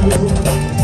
Thank you.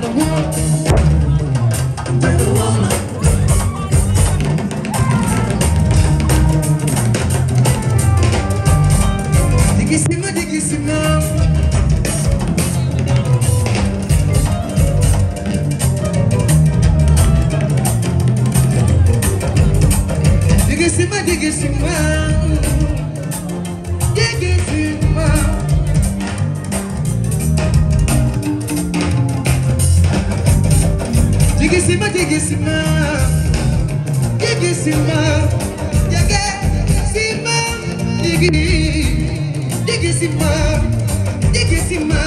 the world. simba jege simba jege jege simba jege simba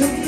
Nation.